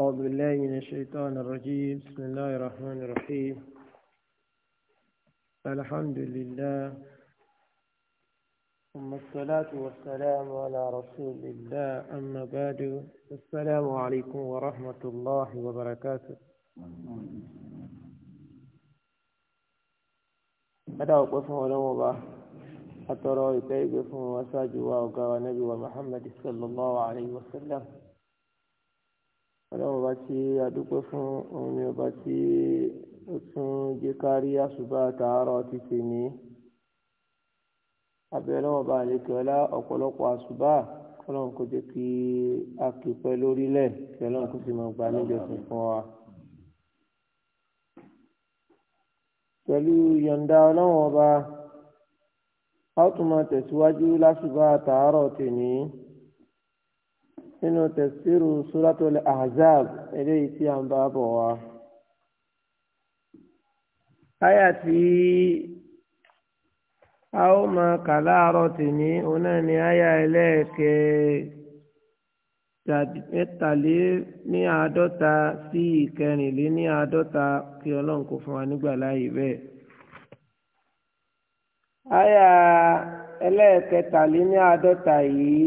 أعوذ بالله من الشيطان الرجيم بسم الله الرحمن الرحيم الحمد لله ثم الصلاة والسلام على رسول الله أما بعد السلام عليكم ورحمة الله وبركاته هذا هو قسم ونوبة حتى رأيك يقسم وساجوا وقال النبي ومحمد صلى الله عليه وسلم ọlọ́run ọba tí a dúpẹ́ fún òun ni ọba tí ó tún jẹ́ kárí àṣùbà tààrọ̀ ti tèmi abẹ́rẹ́ ọba àlekè ọlá ọ̀pọ̀lọpọ̀ àṣùbà ọlọ́run kò jẹ́ kí a kì í pẹ́ lórílẹ̀ kí ọlọ́run kò sì máa gbà níjọsìn fún wa. pẹ̀lú yọ̀ǹda ọlọ́run ọba a ó tún máa tẹ̀síwájú láṣùbà tààrọ̀ tèmi. nínú tẹ̀síìrù suratul ahzab eléyìí tí a ń bá Aya tí a ó máa kà láàárọ̀ tèmi, ni aya ẹlẹ́ẹ̀kẹ́ mẹ́tàléní àádọ́ta sí ìkẹrìnléní àádọ́ta kí ọlọ́run kò fún wa nígbà láàyè bẹ́ẹ̀. Aya ẹlẹ́ẹ̀kẹtàléní àádọ́ta yìí.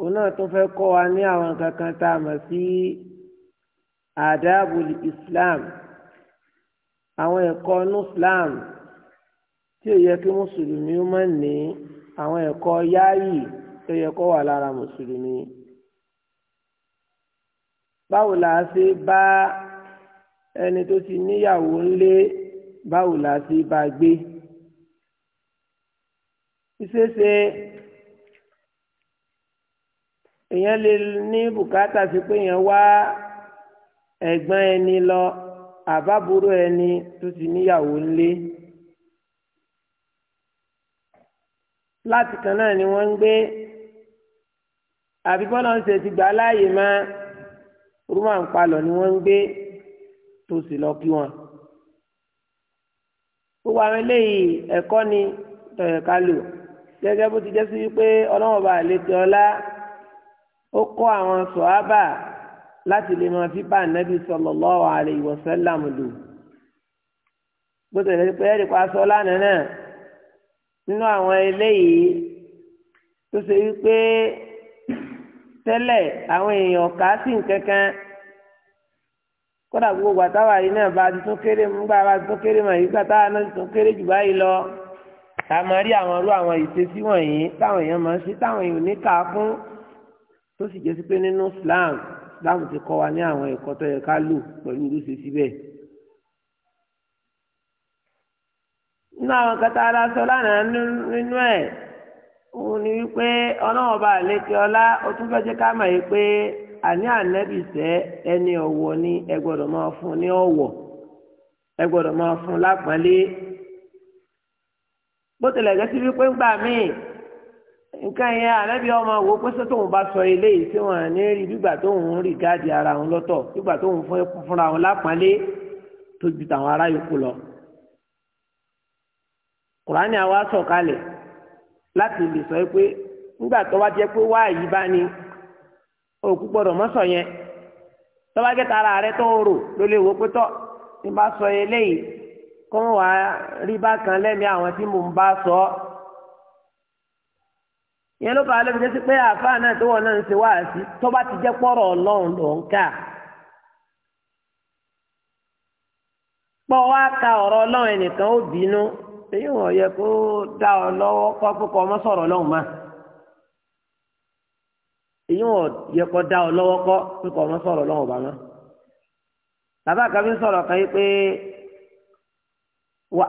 òun náà tó fẹ́ kọ́ wa ní àwọn kankan tá a mọ̀ sí àdáàbòlì islam àwọn ẹ̀kọ́ inú islam tí ó yẹ kí mùsùlùmí ó mọ̀ ní àwọn ẹ̀kọ́ yáàyì tó yẹ kó wà lára mùsùlùmí. báwo la ṣe bá ẹni tó ti níyàwó ńlé báwo la ṣe bá gbé. ìṣeṣe èèyàn lè ní bùkátà sí pé èèyàn wá ẹ̀gbọ́n ẹni lọ àbábúrò ẹni tó ti níyàwó ńlé. láti kan náà ni wọ́n ń gbé àbí bọ́lá ń ṣe ti gbà láàyè má rúmà ń palọ̀ ni wọ́n ń gbé tó sì lọ kí wọn. gbogbo àwọn eléyìí ẹ̀kọ́ ni tọ̀yọ̀ ká lò gẹ́gẹ́ bó ti jẹ́ sí wípé ọlọ́wọ́n bá lè ọlá ó kọ́ àwọn sọ̀hábà láti lè máa fi bá ànábì sallallahu alaihi wasallam lò bó tẹ̀lé pé ẹ̀rì pa sọ lánàá náà nínú àwọn eléyìí tó ṣe wípé tẹ́lẹ̀ àwọn èèyàn kà á sí nǹkankan kódà gbogbo àtàwà yìí náà bá a ti tún kéré mú bá a bá a ti tún kéré mọ̀ yìí gbàtà náà ti tún kéré jù báyìí lọ àmọ́ rí àwọn irú àwọn ìṣesí wọ̀nyí táwọn èèyàn máa ń ṣe táwọn èèyàn ò ní kà á fún tó sì jẹ́ sí pé nínú Islam Islam ti kọ́ wa ní àwọn ẹ̀kọ́ tó yẹ ká lò pẹ̀lú irúṣe síbẹ̀. nínú àwọn kẹta aláṣọ lánàá nínú ẹ̀ òun ni wípé ọlọ́wọ́n bá lékè ọlá ó tún fẹ́ jẹ́ ká mọ̀ yìí pé àní ànẹ́bìsẹ́ ẹni ni ẹ gbọ́dọ̀ máa fún ní ẹ gbọ́dọ̀ máa fún lápọ́nlé bó tilẹ̀ nǹkan yẹn ànábì ọmọ wo pẹ́sẹ́ tóun bá sọ eléyìí tí wọ́n ní rí bígbà tóun rí gáàdì ara òun lọ́tọ̀ bígbà tóun fúnra òun lápọ́nlé tó ju tàwọn ará yòókù lọ. kùránì àwa sọ̀kalẹ̀ láti lè sọ pé nígbà tó bá jẹ́ pé wáàyí bá ní òkú gbọ́dọ̀ mọ́sọ̀ yẹn tó bá jẹ́ tara rẹ tó ń rò ló lè wo pé tọ́ ní bá sọ eléyìí kó wàá rí bákan lẹ́mìí àwọn tí mò ń bá sọ ọ́ ìyẹn ló fà á jẹ́sí pé àáfàá náà tó wọ̀ náà ń ṣe wá sí tó bá ti jẹ́ pọ́rọ̀ ọlọ́run ló ń kà. pọ̀ wá ka ọ̀rọ̀ ọlọ́run ẹnìkan ó bínú èyí wọ̀n yẹ kó dá ọ lọ́wọ́ ọmọ sọ̀rọ̀ ọlọ́run èyí yẹ kó da ọ lọ́wọ́ ọmọ sọ̀rọ̀ ọlọ́run bàbá kan sọ̀rọ̀ kan pé wà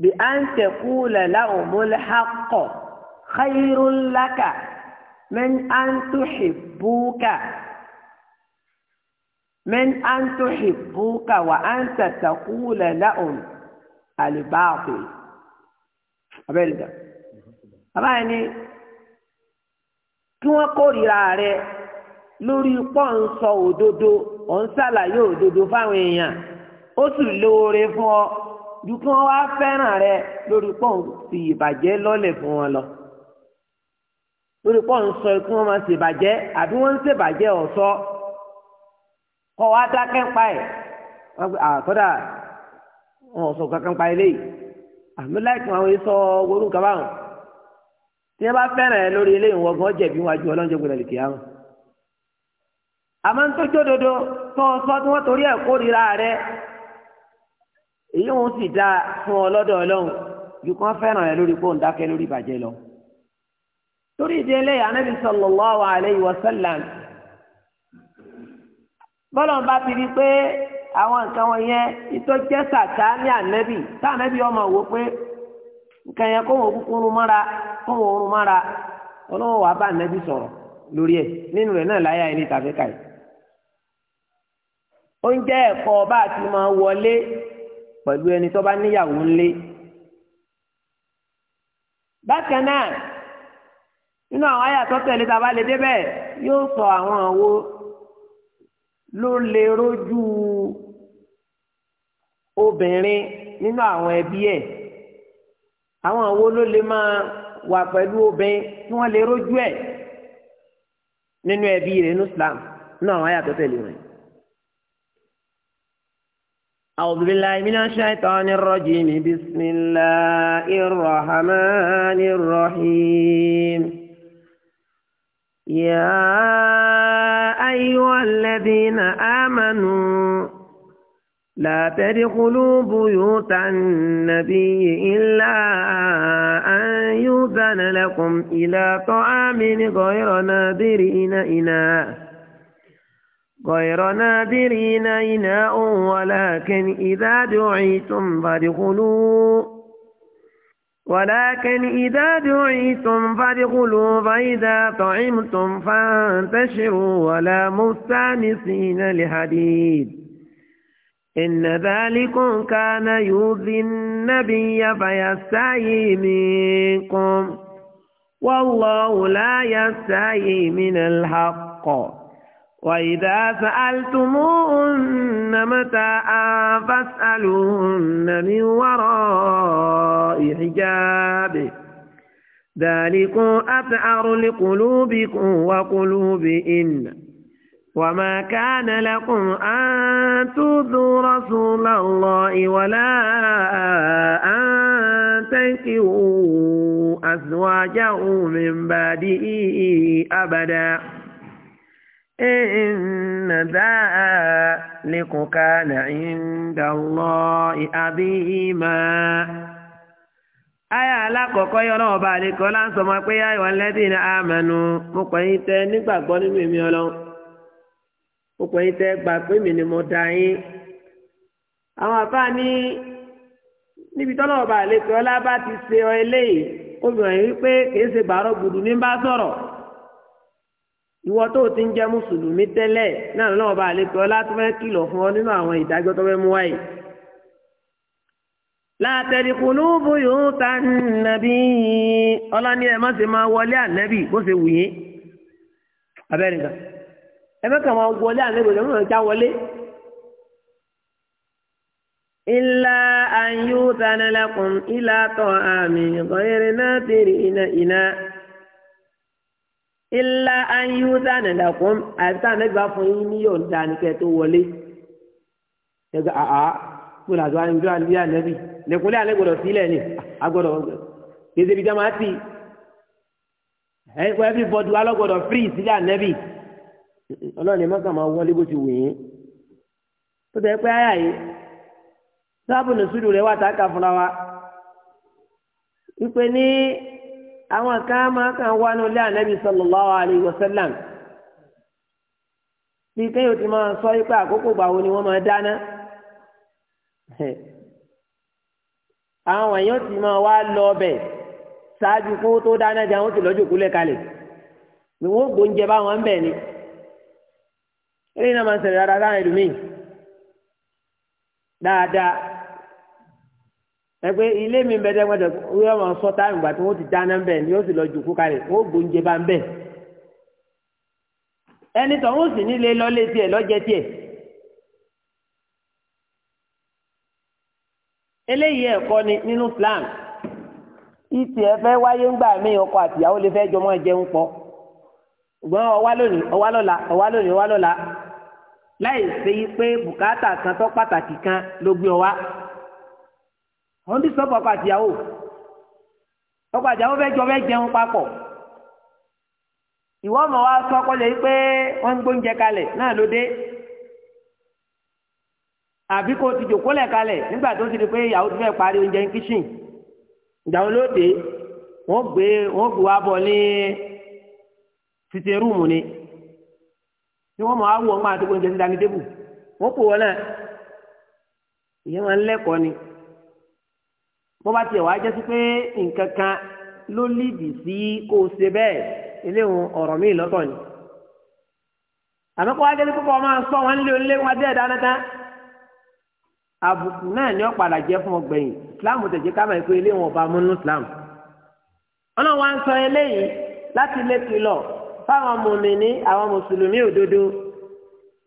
bí à ń tẹ̀kú lẹ́la òmùlẹ̀ ha kọ̀ xayirun laka mẹ́n à ń tuxi búkà mẹ́n à ń tuxi búkà wà à ń tẹ̀kú lẹ́la òm alibaafi. abẹ́rẹ́ dà abáyé ni kí wọ́n kórìíra lórí pọ́ǹsọ òdodo ọ̀n ṣàlàyé òdodo fáwọn èèyàn ó sì lóore fún ọ ju wa wọ́n wá fẹ́ràn rẹ lórí pọ́ùn fi ìbàjẹ́ lọ́lẹ̀ fún wọn lọ lórí pọ́ùn sọ kí wọ́n máa ṣèbàjẹ́ àbí wọ́n ń ṣèbàjẹ́ ọ̀sọ́ kọ́ wá dákẹ́ ń pa ẹ̀ wọ́n pe àkọ́dà wọn ò sọ kankan pa eléyìí àmì láìpẹ́ àwọn èso wọlú nǹkan báwọn tí wọ́n bá fẹ́ràn ẹ lórí eléyìí wọ́n gan jẹ̀bi wájú ọlọ́njẹ́ gbọdọ̀ lè kíá dodo tó sọ tí wọ́n torí èyí wọn sì dáa fún ọ lọ́dọ̀ ọlọ́run ju kán fẹ́ràn lórí fóun dákẹ́ lórí ìbàjẹ́ lọ. torí ìdí eléyà anábì sallallahu alayhi wa sallam bọ́lọ̀n bá ti pé àwọn nǹkan wọn yẹn ìtọ́ sàkà ní ànábì tá ọmọ wò pé nǹkan yẹn kó wọn kúkú mọ́ra kó wọn mọ́ra wàá bá nínú rẹ̀ náà láyà ẹni tàbí káyì. oúnjẹ ẹ̀kọ́ pẹ̀lú ẹni tó bá níyàwó ńlé. bákan náà nínú àwọn àyà tó tẹ̀lé tá a bá lè débẹ̀ yóò sọ àwọn àwo ló lè rójú obìnrin nínú àwọn ẹbí ẹ̀ àwọn àwo ló lè máa wà pẹ̀lú obìnrin tí wọ́n lè rójú ẹ̀ nínú ẹbí rẹ̀ nínú Islam nínú àwọn àyà tẹ̀lé rẹ̀. أعوذ بالله من الشيطان الرجيم بسم الله الرحمن الرحيم يا أيها الذين آمنوا لا تدخلوا بيوت النبي إلا أن يؤذن لكم إلى طعام غير ناظرين إناه غير نادرين إناء ولكن إذا دعيتم فادخلوا ولكن إذا دعيتم فادخلوا فإذا طعمتم فانتشروا ولا مستانسين لحديث إن ذلكم كان يؤذي النبي فيستعي منكم والله لا يستعي من الحق وإذا سألتموهن متاعا فاسألوهن من وراء حجاب ذلكم أطهر لقلوبكم وقلوبهن وما كان لكم أن تؤذوا رسول الله ولا أن تنكروا أزواجه من بعده أبداً إن ذلك كان عند الله عظيما aya alákọ̀ọ́kọ́ yọ náà ọba àlekọ́ láǹsọ̀ máa pé ayọ̀ ọ̀lẹ́dì ní àmànù mo pè yín tẹ́ nígbàgbọ́ nínú èmi ọlọ́run mo pè yín tẹ́ gbà pé mi ni mo yín. àwọn àbá ní níbi ọba àlekọ́ ọlá bá ti ṣe ọ eléyìí ìwọ tó ti ń jẹ́ mùsùlùmí tẹ́lẹ̀ náà lọ́wọ́ bá àlejò ọlá tó fẹ́ kìlọ̀ fún ọ nínú àwọn ìdájọ́ tó fẹ́ mú wáyé. látẹ̀lí kùlùbù yóò ta nàbí ọlọ́ni ẹ̀ má ṣe máa wọlé ànẹ́bì bó ṣe wù yín. abẹ́rẹ́ nǹkan ẹ fẹ́ máa wọlé ànẹ́bì ọ̀sẹ̀ mọ̀ já wọlé. ilà ayútanilẹ́kùn ilà tọ́ àmì ìgbọ̀nyẹrẹ náà ti iná iná ilá ayúdá nàdàkùn àìsí ànábì bá fún yín ní yọ̀ǹda nìkẹ́ tó wọlé ẹgbẹ́ àá mo nà àtúwá nígbà ní ànábì lẹ́kùnlé àná gbọ́dọ̀ sílẹ̀ ni agbọ́dọ̀ gbèsè bíi jamaati ẹ̀kọ́ ẹ̀fí bọ́dù alọ́gbọ́dọ̀ fírì sílẹ̀ ànábì ọlọ́ọ̀ni mọ́kà máa wọlé bó ti wù yín tó tẹ́ pé àyà yìí sábà nù sùdù wà tá a kà fúnra wa wípé ní. àwọn kan máa wa wá ní ilé ànábì sallallahu alaihi wasallam bí kéèyàn ti máa sọ ipá àkókò gbàwo ni wọ́n máa dáná àwọn èèyàn ti máa wá lọ ọbẹ̀ ṣáájú kó tó dáná jẹun ó ti lọ́jọ́ kúlẹ̀ kalẹ̀ ni wọ́n gbóúnjẹ báwọn ń bẹ̀ ni náà máa ń dáadáa sáà dáadáa. ẹgbẹ́ ilé mi bẹ́ẹ̀ dẹ́gbẹ́dẹ́ wíwọ́n máa sọ táyà ìgbà tí wọ́n ti dáná bẹ́ẹ̀ ni yóò sì lọ jòkó kalẹ̀ ó gbóúnjẹ bá ń bẹ̀. ẹni tó ń sì nílé lọ́lé tiẹ̀ lọ́jẹ tiẹ̀. eléyìí ẹ̀kọ́ ni nínú plan ìtì ẹ fẹ́ wáyé ńgbà mí ọkọ àtìyàwó lè fẹ́ jọmọ jẹun pọ̀ ṣùgbọ́n ọwá lónìí ọwá lọ́la ọwá lónìí ọwá lọ́la láì ṣe pé bùkátà kan tó pàtàkì kan ló gbé ọ wá wọ́n ti sọ́pọ̀ ọkọ àtìyàwó ọkọ àtìyàwó fẹ́ jọ fẹ́ jẹun papọ̀ ìwọ ọmọ wa sọ ọkọ lè pé wọ́n ń gbóúnjẹ kalẹ̀ náà ló dé àbí kó o ti jòkó lẹ̀ kalẹ̀ nígbà tó ti di pé ìyàwó ti fẹ́ parí oúnjẹ ní kíṣìn ìgbà wọn ló dé wọ́n gbé wọ́n gbé wa bọ̀ ní títí rúùmù ni tí wọ́n máa wọ̀ ọ́n máa tó oúnjẹ dání débù wọ́n kò wọ́n náà ìyẹn máa ń ni bó bá tiẹ̀ wá jẹ́ sí pé nǹkan kan ló lídì sí kó o ṣe bẹ́ẹ̀ eléhùn ọ̀rọ̀ míì lọ́tọ̀ ni àmọ́ kó wá jẹ́ sí pé kó o máa sọ wọn nílé onílé wọn dé ẹ̀dá náà tán àbùkù náà ni ó padà jẹ́ fún ọgbẹ̀yìn Islam tẹ̀jẹ́ ká máa pé eléhùn ọba múnú Islam ọ̀nà wa ń sọ eléyìí láti lé kìlọ̀ fáwọn mùmíní àwọn mùsùlùmí òdodo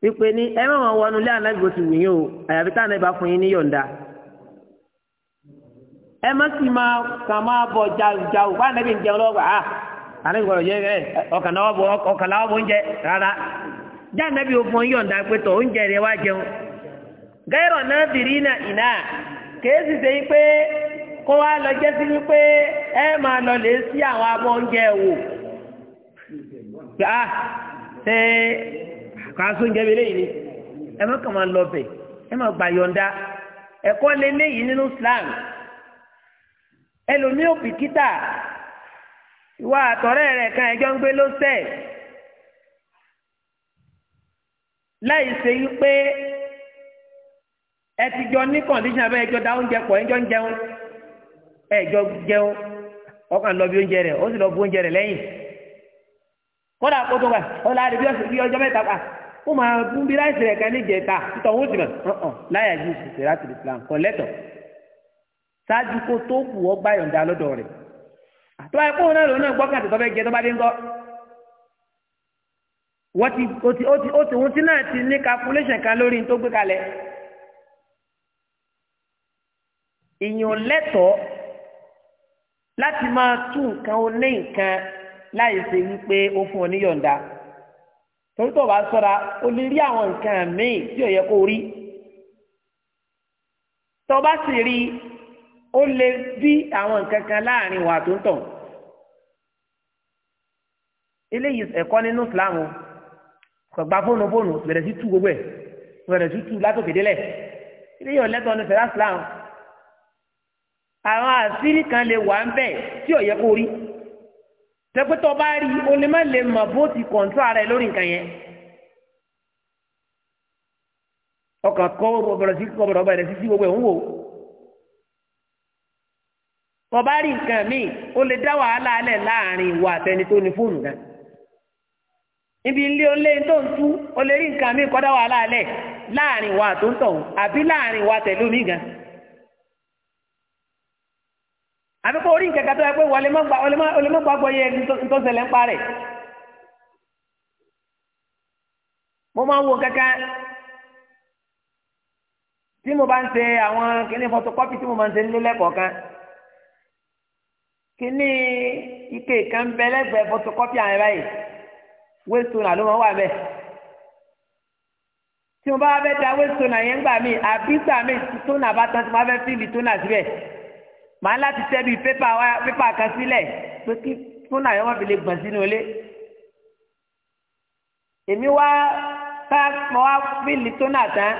wípé ní ẹ má wọn wọnú lé ànágbòsí wìyín o àyàfi táwọn ẹ fún yín ní yọ̀ǹda e má sì máa kà máa bọ̀ jàù bá nàbí jẹun lọ́gbà á ànábì kọ̀ọ̀rọ̀ yẹ ọkàn náà bọ̀ ọkàn náà bọ̀ oúnjẹ rárá já nàbí òfin ọyọ̀ ń dàgbé tọ̀ oúnjẹ rẹ̀ wá na biri na bìrì náà se yi ṣe pé kó wá lọ ẹ máa lọ lè sí njɛ ni kama ẹlòmíì ò bìkítà ìwà àtọ̀rẹ́ rẹ̀ kan ẹjọ́ ń gbé lọ́sẹ̀ láì ṣe yí pé ẹ ti jọ ní kọ̀ǹdíṣàn abẹ́ ẹjọ́ da oúnjẹ pọ̀ ẹjọ́ ń jẹun ẹjọ́ jẹun ọkàn lọ bí oúnjẹ rẹ̀ ó sì lọ bu oúnjẹ rẹ̀ lẹ́yìn kódà kó tó wà ó láàrin bí ọjọ́ mẹ́ta wà ó máa bú bí láìsí rẹ̀ kan ní ìjẹta títọ̀ mọ̀ láyà ṣáájú kó tó kù ọ gbá yọ̀ǹda lọ́dọ̀ rẹ̀ tó bá yẹ kó náà lòun náà gbọ́ kàtó tó fẹ́ jẹ tó bá dé ń gọ́ wọ́n ti ó ti ó ti ó ti wọ́n ti náà ti ní calculation kan lórí tó gbé kalẹ̀ èèyàn lẹ́tọ̀ọ́ láti máa tú nǹkan ó ní nǹkan láì ṣe wípé ó fún ọ ní yọ̀ǹda torí tó bá sọ́ra o lè rí àwọn nǹkan míì tí ò yẹ kó rí tó bá sì rí i ó lè bí àwọn nǹkan kan láàrin wà tó ń tàn eléyìí ẹ̀kọ́ nínú Islam kò gba fóònù fóònù bẹ̀rẹ̀ sí tú gbogbo ẹ̀ bẹ̀rẹ̀ sí tú látòkè délẹ̀ eléyìí ọ̀lẹ́tọ̀ ní sẹ̀rá Islam àwọn àṣírí kan lè wà ń bẹ̀ tí ò yẹ kó rí tẹ́pẹ́tọ́ bá rí o lè má lè mọ̀ bó ti kọ̀ǹtọ́ ara ẹ lórí nǹkan yẹn ọkàn kọ́ bọ̀rọ̀ sí kọ́ bọ̀rọ̀ bẹ̀rẹ̀ sí sí gbogbo ẹ̀ ń wò ó bọ̀bá rí nǹkan míì ó lè dá wàhálà alẹ̀ láàrin ìwọ àtẹni tó ní fóònù gan. ibi ilé olé tó ń tú ó lè rí nǹkan míì kó dá wàhálà alẹ̀ láàrin ìwọ àtúntọ̀hún àbí láàrin ìwọ àtẹ̀lú mi gan. àbí kó rí nǹkan kan tó yẹ pé wọlé mọ́ gbàgbọ́ yẹ tó ṣẹlẹ̀ ń parẹ́. mo máa ń wo kankan tí mo bá ń ṣe àwọn kìnnìfọ́tò kọ́pì tí mo máa ń ṣe nílé lẹ́kọ̀ọ́ kan kíní ike kan bẹ lẹ́gbẹ̀ẹ́ fotokọ́pì àwọn ẹ̀rọ yìí wéṣọnà ló máa wà bẹ́ẹ̀ tí mo bá wá fẹ́ da na yẹn gbà mí àbí gbà mí tónà bá tán tí mo bá fẹ́ fíìlì tónà síbẹ̀ màá láti tẹ́ bíi pépà wá pépà kan sílẹ̀ pé kí tónà yẹn wọ́n fi lè gbọ̀n sínú ilé èmi wá ká mo wá fíìlì tónà tán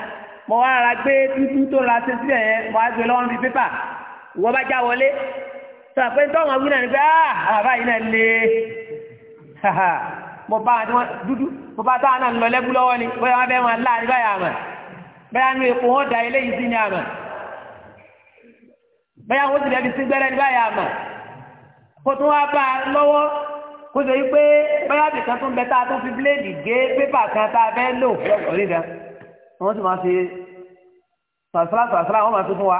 mo wá ara gbé dúdú tó ra ṣe sílẹ̀ yẹn mo wá gbé lọ́wọ́ bíi pépà ìwọ bá já wọlé sàpẹ́ tó àwọn wíná ní pé àbá iná lè mọ̀ bá wọn dúdú mọ̀ bá táwọn náà lọ lẹ́bú lọ́wọ́ ni bóyá wọn bẹ́ẹ̀ wọn láàrin báyà àmà bóyá nu èkó wọn da eléyìí sí ni àmà bóyá wọn sì a lọ́wọ́ kó sọ yí pé bóyá bìkan tó ń bẹ tá tó fi bíléèdì gé pépà kan tá a lò lọ́kọ̀ọ́ rí da wọ́n sì máa fi sàṣàlá wọ́n máa tó fún wa.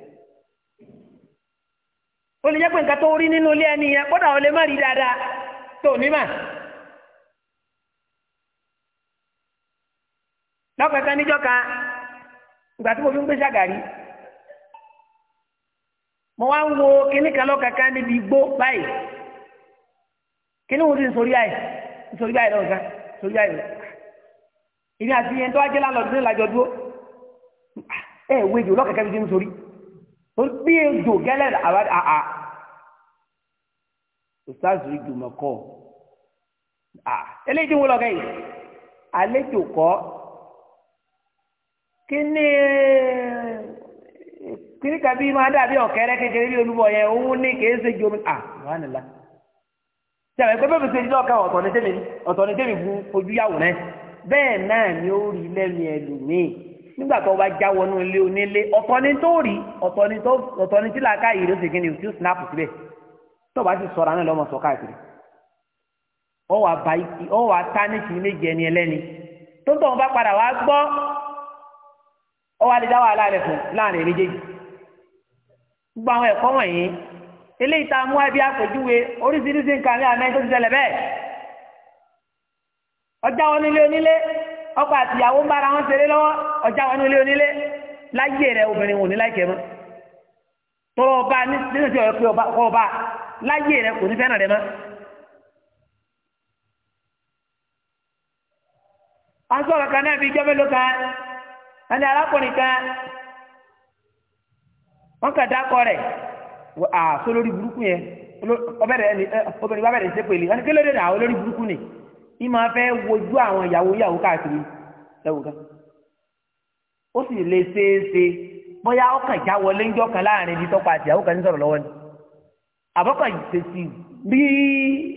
ó lè jẹ́ pé nǹkan tó rí nínú ilé ẹni yẹn kódà ó lè má rí dáadáa tó ní mà. lọ́pẹ̀ẹ́ta níjọ́ kan ìgbà tí mo fi ń gbé ṣàgàrí mo wá ń wo kíní kan lọ́kàkà níbi igbó báyìí kíní wo ti ń sori báyìí ń sori báyìí lọ́wọ́ kan sori báyìí lọ́wọ́ ìdí àti ìyẹn tó wá jẹ́ lálọ́ọ̀dún dúró ẹ̀ wéjì lọ́kàkà bíi ti ń torí bí ejò gẹ́lẹ́ àbá àà ustaz rí jùmọ̀ kọ́ àà eléyìí tí wọ́n lọ kẹ́yìn àlejò kọ́ kí ni kiri kabi máa dàbí ọ̀kẹ́rẹ́ kékeré bí olúbọ̀ yẹn òun ní kìí ṣe jomi à wà nílá sẹ̀rẹ̀ pé bẹ́ẹ̀ bí sẹ́yìn lọ́ọ̀kan ọ̀tọ̀ ní tẹ́mi ọ̀tọ̀ ní tẹ́mi bu ojú yàwó rẹ bẹ́ẹ̀ náà ni ó rí lẹ́nu ẹlòmíì nígbà tó bá já wọnú ilé onílé ọ̀tọ̀ ni tó rí ọ̀tọ̀ ni tó ọ̀tọ̀ ni tí làákà yìí ló sì kí ni tí ó snap síbẹ̀ tó bá sì sọ̀rọ̀ àná lọ́mọ sọ káàkiri ọwà bá ọwà tánìkì méje ẹni ẹlẹ́ni tó ń tọ̀ wọn bá padà wá gbọ́ ọwà lè dá wàhálà rẹ̀ fún láàrin méjèèjì gbogbo àwọn ẹ̀kọ́ wọ̀nyí eléyìí tá a mú ẹbí àpèjúwe oríṣiríṣi nǹkan ní àmẹ́ ti tẹ̀lẹ̀ bẹ́ẹ̀ ọjà wọn nílé onílé ọkọ àti ìyàwó ń bára wọn ṣeré lọ́wọ́ ọjà wọn nílé onílé láyé rẹ obìnrin wò ní láìkẹ́ mọ́ tọ́lọ́ ọba nínú tí ọ̀rẹ́ pé ọkọ ọba láyé rẹ kò ní fẹ́ràn rẹ mọ́. wọ́n sọ̀rọ̀ kan náà fi ijọ́ mélòó kan wọ́n ní arákùnrin kan wọ́n kàn dákọ rẹ̀ àà sólórí burúkú yẹn obìnrin bá bẹ̀rẹ̀ ṣépèlé wọ́n ní kí ló dé dà olórí burúkú ni ní máa fẹ́ wojú àwọn ìyàwó yàwó káàkiri ẹ̀wù kan ó sì lè ṣeéṣe bóyá ọkàn já wọlé ńjọ́ kan láàrin ibi tọ́pọ̀ àti ìyàwó kan ní sọ̀rọ̀ lọ́wọ́ ni àbọ̀kàn ṣèṣì bí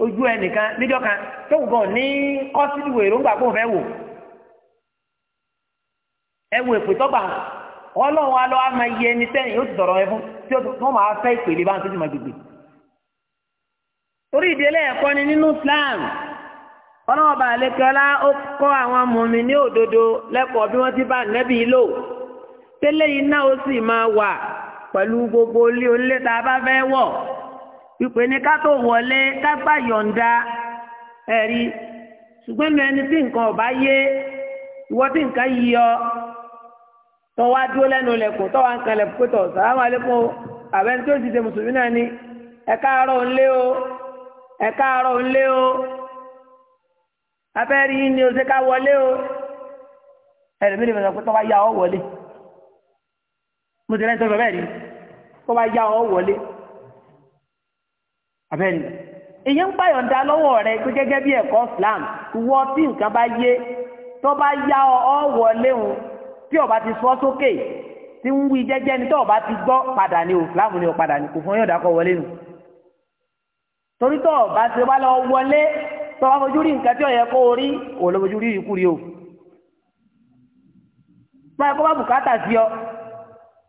ojú ẹnìkan níjọ́ kan tóun gan ní kọ́sídìwò èròǹgbà kó fẹ́ wò ẹ̀wù èpè tọ́gbà ọlọ́run alọ́ á máa yẹ ẹni sẹ́yìn yóò ti sọ̀rọ̀ ẹ fún tí wọ́n máa fẹ́ ìpèlè bá ń tó ti máa gbègbè torí ìdílé ẹ̀kọ́ ni nínú Islam ọlọ́ọ̀bà àlekẹ́lá ó kọ́ àwọn mọ̀mí ní òdodo lẹ́kọ̀ọ́ bí wọ́n ti bá nẹ́bí lò tẹ́lẹ̀ yìí náà ó sì máa wà pẹ̀lú gbogbo ilé onílé tá a bá fẹ́ wọ̀ ìpè ní ká tó wọlé ká gbà yọ̀ǹda ẹ̀rí ṣùgbọ́n ní ẹni tí nǹkan ọ̀bá yé ìwọ tí nǹkan yí ọ tó wá dúró lẹ́nu lẹ̀kùn tó wá ń kan lẹ̀kùn pẹ̀tọ̀ sàlámù àbẹ́ni tó ti ṣe mùsùlùmí náà ni ẹ̀ka àárọ̀ ńlé o ẹ̀ka àárọ̀ ńlé o abẹ́rẹ́ yìí ni o ṣe ká wọlé o ẹlòmíì nìkan pé tó bá yá ọ wọlé mo ti rẹ́ sọ bẹ́ẹ̀ ni tó bá yá ọ wọlé abẹ́rẹ́ ni èyàn ń gbàyọ̀ǹda lọ́wọ́ rẹ pé gẹ́gẹ́ bí ẹ̀kọ́ Islam wọ tí nǹkan bá yé tó bá ọ wọlé o tí o ti sọ sókè tí ń wí jẹ́jẹ́ ni tó o bá ti gbọ́ padà ni o Islam ni o padà ni kò fún yọ̀ǹda kọ wọlé nu torí tó ti wá lọ wọlé tọ́wọ́ fojú rí nǹkan tí ó yẹ kó o rí lọ fojú rí ikú rí o máa kó bá bùkátà sí ọ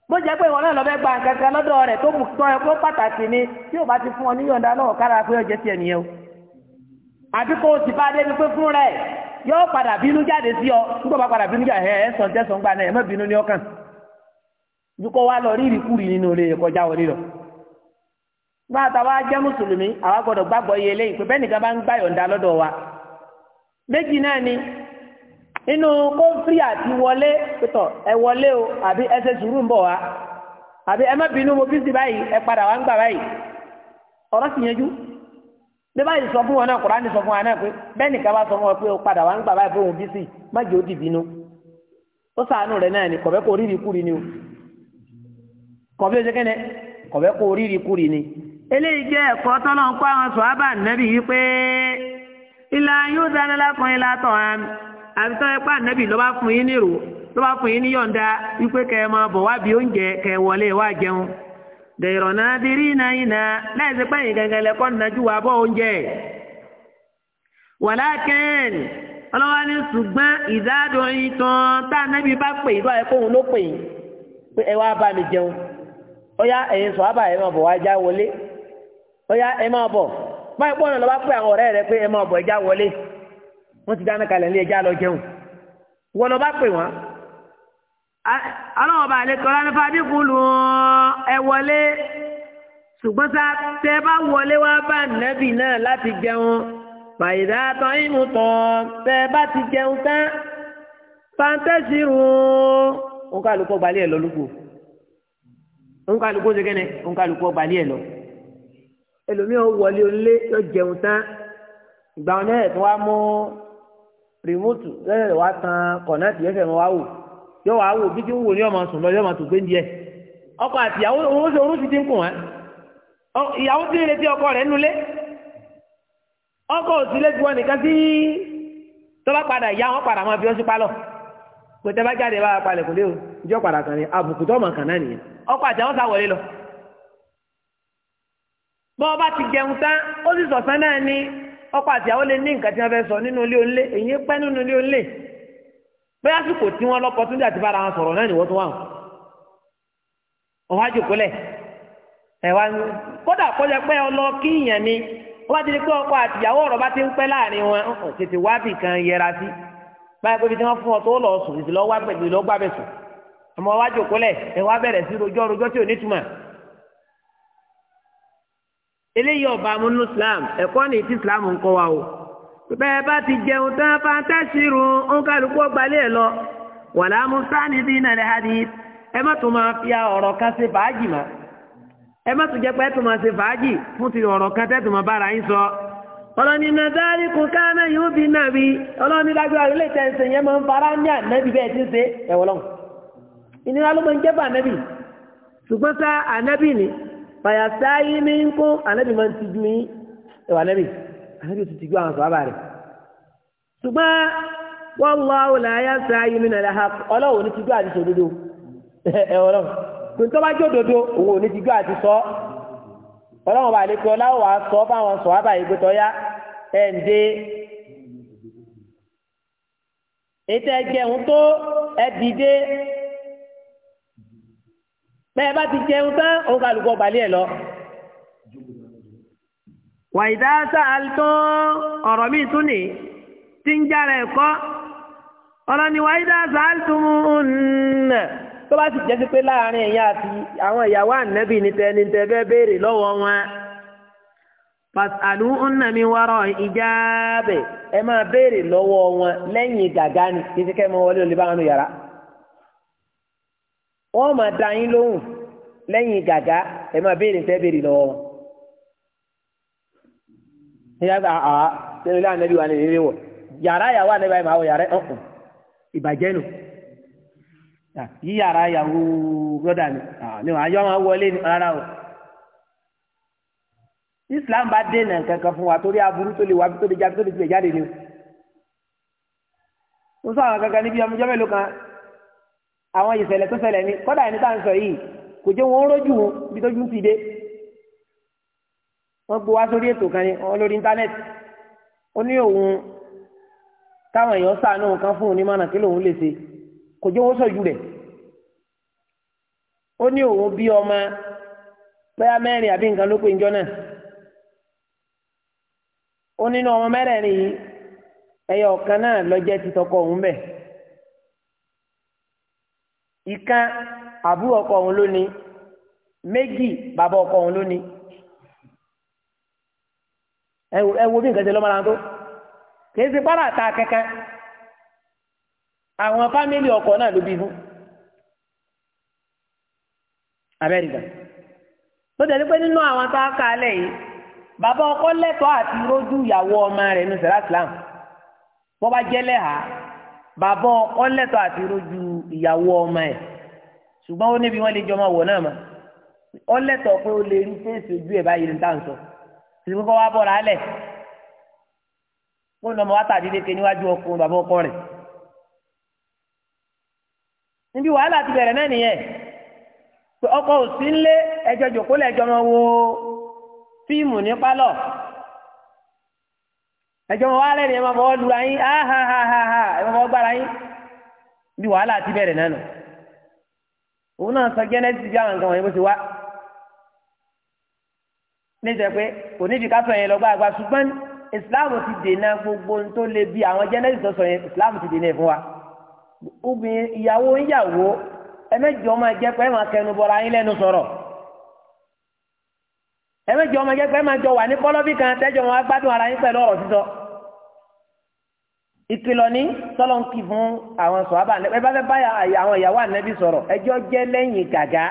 bó jẹ́ pé ìwọ náà lọ́bẹ̀ gba nǹkan lọ́dọ̀ rẹ̀ tó tọ́ ẹ kó pàtàkì ni tí ò bá ti fún ọ níyọ̀ǹda náà kára pé ọjẹ́ tiẹ̀ o àbí kó o sì bá débi pé fún rẹ̀ yóò padà bínú jáde sí ọ nígbà bá padà bínú jáde ẹ sọ gba náà ẹ má bínú ní ọkàn ju kó lọ rí ìrìkúrì bá a ta wá jẹ́ mùsùlùmí àwa gbọ́dọ̀ gbàgbọ́ iye eléyìí pé bẹ́ẹ̀ nìkan bá ń gbà yọ̀ǹda lọ́dọ̀ wa méjì náà ni àti wọlé pẹ̀tọ̀ ẹ wọlé o àbí ẹ sùúrù ń bọ̀ àbí ẹ má bínú mo bí sí ẹ padà wá ń gbà báyìí ọ̀rọ̀ sì yẹjú bí sọ fún wọn náà sọ fún náà pé bá sọ fún wọn pé o padà wá ń gbà báyìí òun bí sí má eléyìí jẹ́ ẹ̀kọ́ tọ́lọ́ ń kọ́ àwọn sọ̀hábà nẹ́bí yìí pé ìlà yóò dáná lákùn ilà tọ̀ ẹ̀ àbítọ́ ẹ̀pá nẹ́bí ló bá fún yín nírò ló bá fún yín ní yọ̀ǹda wípé kẹ́ ẹ máa bọ̀ wá bí oúnjẹ kẹ́ ẹ wọlé wá jẹun dẹ̀rọ̀ náà ti rí iná iná láìsí pẹ́yìn gẹ́gẹ́ lẹ́kọ́ nàjú wà bọ́ oúnjẹ wàlákẹ́ẹ̀n ọlọ́wà ní ṣùgbọ́n ìdádọ́rin ọ̀yá ẹ máa bọ̀ báyìí pọ́n náà lọ́ba pé àwọn ọ̀rẹ́ rẹ pé ẹ máa bọ̀ ẹja wọlé wọ́n ti dáná kalẹ̀ ní ẹja lọ jẹun wọ́n lọ́ba pè wọ́n. aláwọ̀ bá lè kọ́lá nípa dínkù lù ẹ wọlé ṣùgbọ́n sá tẹ bá wọlé wá bá nẹ́bì náà láti jẹun fàyídà tán ìmú tán tẹ bá ti jẹun tán fàǹtẹ́sì rù ún kálukọ́ gbalẹ̀ lọ lóko ń ṣe kẹ́ni ń kálukọ́ gbalẹ̀ lọ ẹlòmíì ó wọlé onílé yóò jẹun tán ìgbà wọn náà tó wá mú rìmọ́tù lẹ́yìn rẹ̀ wá tan kọ̀nẹ́tì ẹ̀fẹ̀ mọ́ wá wò yóò wá wò bí tí ń wò ní ọmọ sùn lọ yóò máa tó gbé ń díẹ̀ ọkọ àti ìyàwó òun ṣe orun ti ti ń kùn wọn ìyàwó ti ń retí ọkọ rẹ̀ nulẹ̀ ọkọ òsì lẹ́tí wọn nìkan sí tọ́lá padà ìyá wọn padà máa fi ọ́ sí pálọ̀ bá jáde bá palẹ̀ kò lé o ìjọ padà kàn ní àbùkù tó kàn náà nìyẹn ọkọ àti àwọn sáwọlé lọ bọ́ ọba ti jẹun tán ó sì sọ̀sán náà ni ọkọ àti lè ní nǹkan tí wọ́n sọ nínú ilé onílé èyí pẹ́ nínú ilé onílé bóyá sùkò tí wọ́n lọ́kọ tún àti bára wọn sọ̀rọ̀ náà nìwọ́n tún wà wọn. ọ̀hún àjòkólẹ̀ ẹ̀ wá ní kódà kọjá pé ọlọ kí ìyàn ni bá ti di ọkọ ọ̀rọ̀ bá ti ń pẹ́ láàrin wọn tètè wá bì kan yẹra sí eléyìí ọba amúnú islam ẹ̀kọ́ ní ti islam o bẹ́ẹ̀ bá ti jẹun tán fantasiru ń ọgbàlẹ́ ẹ̀ lọ wàlá musani bíi nàlẹ́ hadith ẹ má tún máa fi ọ̀rọ̀ kan ṣe fàájì mọ́ ẹ má tún jẹ́ pé fàájì fún ti ọ̀rọ̀ kan tẹ́ máa bára yín sọ. ọlọ́ni nàzárí yóò ọlọ́ni lágbára yẹn máa ń fara ní ànábì bẹ́ẹ̀ ti ṣe ẹ̀wọ̀ fàyàtà yìí mi ń kún ànábì máa ń tijú yín ẹwà ànábì ànábì ti tijú àwọn sọ̀rọ̀ rẹ̀ ṣùgbọ́n wọ́n lọ òlà ayáṣà yìí mi nàlẹ́ hàp ọlọ́wọ́ ní tijú àti sòdodo ẹ ọlọ́wọ́ dodo òun ní tijú àti sọ ọlọ́wọ́ bá lè pe ọláwọ́ wa sọ fáwọn sọ̀rọ̀ gbẹtọ̀ ya ẹ̀ ń dé ètò ẹ̀jẹ̀ ń tó ẹ̀ dìde. bẹ́ẹ̀ bá ti jẹun tán òun kà lùkọ́ balẹ̀ ẹ̀ lọ. wàyídá tá a tó ọ̀rọ̀ mi tún ní tí ń jára ẹ̀kọ́ ọ̀rọ̀ ni wàyídá tá a tún ń nà tó bá ti jẹ́ sí pé láàrin ẹ̀yà àti àwọn ìyàwó ànẹ́bì ní tẹni tẹ fẹ́ béèrè lọ́wọ́ wọn pàtàlú ńnàmí wárọ̀ ìjáàbẹ̀ ẹ máa béèrè lọ́wọ́ wọn lẹ́yìn gàgá ni kí ti kẹ́ mọ wọlé olè bá wọn yàrá wọ́n máa da yín lóhùn lẹ́yìn gàgá ẹ máa béèrè fẹ́ béèrè lọ́wọ́ wọn. ìyá gba àá sẹ́nu ilé ànábì wa ní ilé wọ̀ yàrá ìyàwó ànábì àyè máa wọ yàrá ọ̀hún ìbàjẹ́ nù. yí yàrá ìyàwó brọ́dà mi ni wọ́n ayọ́ wọn wọlé rárá o. Islam bá dènà kankan fún wa torí aburú tó lè wá tó lè jáde tó lè jáde ni o. mo sọ àwọn kankan níbi ọmọ ìjọba ìlú kan àwọn ìṣẹ̀lẹ̀ tó ṣẹlẹ̀ ní kọ́dà ẹni tá ń sọ yìí kò jẹ́ wọn rójú bí tójú ti dé wọ́n gbowá sórí ètò kan ni lórí íńtánẹ́ẹ̀tì ó ní òun táwọn èèyàn sàánú kan fún òun ní mọ̀nà kí lòun lè ṣe kò jẹ́ wọn sọ̀jú rẹ̀ ó ní òun bí ọmọ bẹ́ẹ̀ mẹ́rin àbí nǹkan ló pé náà ó nínú ọmọ mẹ́rẹ̀ẹ̀rin yìí náà lọ jẹ́ ti tọkọ òun ìkan àbúrò ọkọ òun ló ní méjì bàbá ọkọ òun ló ní ẹ wo bí nǹkan ṣe lọ́mọ ara tó kìí ṣe pàrọ̀ àta kankan àwọn fámìlì ọkọ náà ló bí fún abẹ́rìgbà tó tẹ̀lé pé nínú àwọn tó á kà yìí bàbá ọkọ lẹ́tọ̀ọ́ àti rójú ìyàwó ọmọ rẹ̀ nù sẹ́lá bọ́ bá jẹ́ lẹ́hàá bàbá ọkọ lẹ́tọ̀ọ́ àti rojú ìyàwó ọmọ ẹ̀ ṣùgbọ́n ó níbi wọ́n lè jọmọ wọ̀ náà mọ́ ọ lẹ́tọ̀ọ́ pé ó lè rí fèsì ojú ẹ̀ báyìí ní táǹsọ ìdìbò kọ́ wá bọ̀rọ̀ alẹ̀ kó lọ́mọ wá tàbí léke níwájú ọkùnrin bàbá ọkọ rẹ̀ níbi wàhálà ti bẹ̀rẹ̀ náà nìyẹn ọkọ òsínlé ẹjọ́ jòkó lẹ́jọ́ mọ́ wo fíìmù ní pálọ̀ ẹjọ́ mọ̀ wá lẹ́nu ẹ máa fọwọ́ lura yín áháháhá ah, ẹ máa fọwọ́ gbára yín bí wàhálà ti bẹ̀rẹ̀ nánu òun náà sọ gẹ́nẹ́sì bí àwọn nǹkan wọ̀nyí bó ti wá níta pé kò níbi ká sọ yẹn lọ gbàgbà ṣùgbọ́n Islam ti dènà gbogbo ohun tó le bí àwọn gẹ́nẹ́sì tó sọ yẹn Islam ti dènà ẹ̀ fún wa obìnrin ìyàwó ń yàwó ẹ mẹ́jọ máa jẹ́ pé ẹ máa kẹnu bọ́ra yín lẹ́nu sọ̀rọ̀ ẹ̀mẹ́jọ ọmọ jẹ́ pé máa jọ wà ní kọ́lọ́bí kan tẹ́jọ wọn gbádùn ara yín pẹ̀lú ọ̀rọ̀ sísọ. ìkìlọ̀ ní sọ́lọ́ ń kì fún àwọn sọ̀hábà ẹ bá fẹ́ bá àwọn ìyàwó ànẹ́bí sọ̀rọ̀ ẹjọ́ jẹ́ lẹ́yìn gàgá.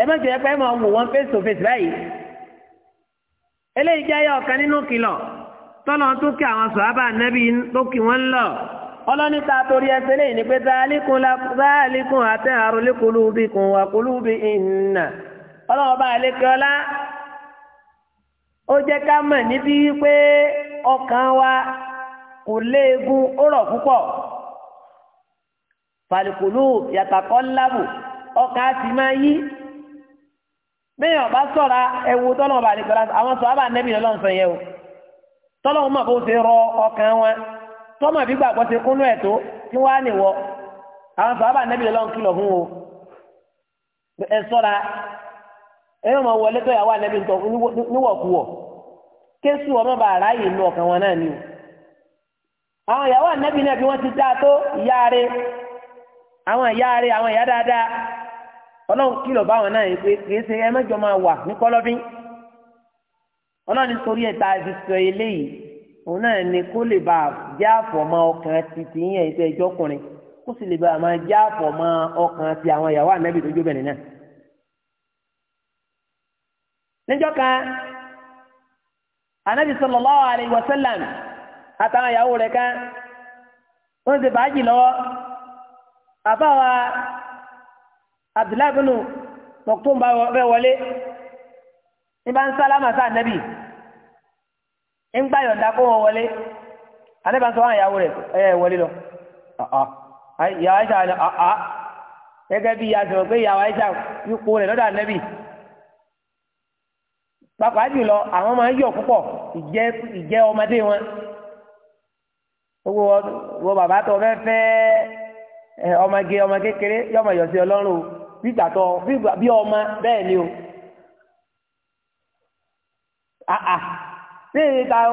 ẹ̀mẹ́jọ jẹ́ pé máa wò wọ́n face to face báyìí. eléyìí jẹ́ ọ̀kan nínú kìlọ̀ sọ́lọ́ tó kí àwọn sọ̀hábà ànẹ́bí tó kì wọ́n lọ ọlọ́ni ta torí ẹsẹ̀ lẹ́yìn ni pé záàlíkùn àtẹ̀hàrùn lẹ́kùlù bí kùn wà kùlù bí ìnà ọlọ́wọ́ bá àlékè ọlá ó jẹ́ ká mọ̀ níbí pé ọkàn wa kò léegun ó rọ̀ púpọ̀ falikulu yàtàkọ́ ńlábù ọkàn ti máa yí bẹ́ẹ̀ ọba sọ̀ra ẹ̀wù tọ́lọ́wọ́ bá àlékè ọlá àwọn sọ̀rọ̀ bá nẹ́bí o tọ́lọ́wọ́ mọ̀ kó ṣe rọ ọkàn tọ́mọ̀ bí gbàgbọ́ ṣe kúnú ẹ̀ tó tí wọ́n á o ẹ̀yọ́ máa wọlé tó yàwó ànábì ntọ́ níwọ̀kuwọ̀ kéṣù ọmọ bá ráàyè inú ọkàn wọn náà ni o àwọn ìyàwó ànábì náà bí wọ́n ti dáa tó ìyá rẹ̀ àwọn ìyá rẹ̀ àwọn ìyá dáadáa ọlọ́run kìlọ̀ báwọn náà yìí pé kìí ṣe ẹ mẹ́jọ máa wà ní kọ́lọ́bí ọlọ́run nítorí ẹ̀ta ìfisọ eléyìí òun náà ni kó lè bá a já àfọ̀mọ́ ọkàn ti ti yẹn ìfẹ́ ìjọkùnrin kó sì lè bá a máa já àfọ̀mọ́ ọkàn ti àwọn ìyàwó ànábì tó jóbẹ̀rẹ̀ náà níjọ́ kan anabi sallallahu alayhi wa sallam àtàwọn ìyàwó rẹ̀ kan wọ́n ti fàájì lọ́wọ́ àbáwa abdullahi bínú mọ̀kútùn bá wọlé nígbà ń sálámà sáà nẹ́bì ń gbà yọ̀ǹda kó wọn wọlé anẹ́bà ń sọ wọn ìyàwó rẹ̀ ẹ̀ wọlé lọ. ìyàwó aisha ni gẹ́gẹ́ bí ìyá sọ̀rọ̀ pé ìyàwó aisha yóò kó rẹ̀ lọ́dọ̀ anẹ́bì pàápàá jùlọ àwọn máa ń yọ púpọ̀ ìjẹ́ ìjẹ́ ọmọdé wọn gbogbo wo bàbá tó fẹ́ fẹ́ ọmọge ọmọ kékeré yọ sí ọlọ́run o bí gbàtọ́ bí ọmọ bẹ́ẹ̀ ni o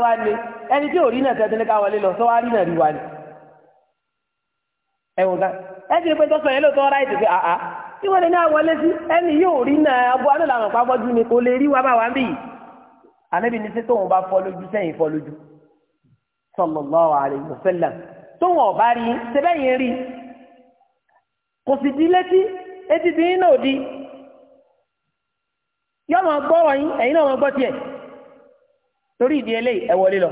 wa ni kí wọ́n lè ní àwọlé sí ẹni yóò rí náà abo àná làwọn ni kò lè rí wa bá wa ń bì yìí ànábì ní sí tóun bá fọ́ lójú sẹ́yìn fọ́ lójú sallallahu alaihi wasallam tóun ọ̀bá rí sẹ́bẹ̀yìn rí kò sì di létí etí ti náà di yóò máa gbọ́ lọ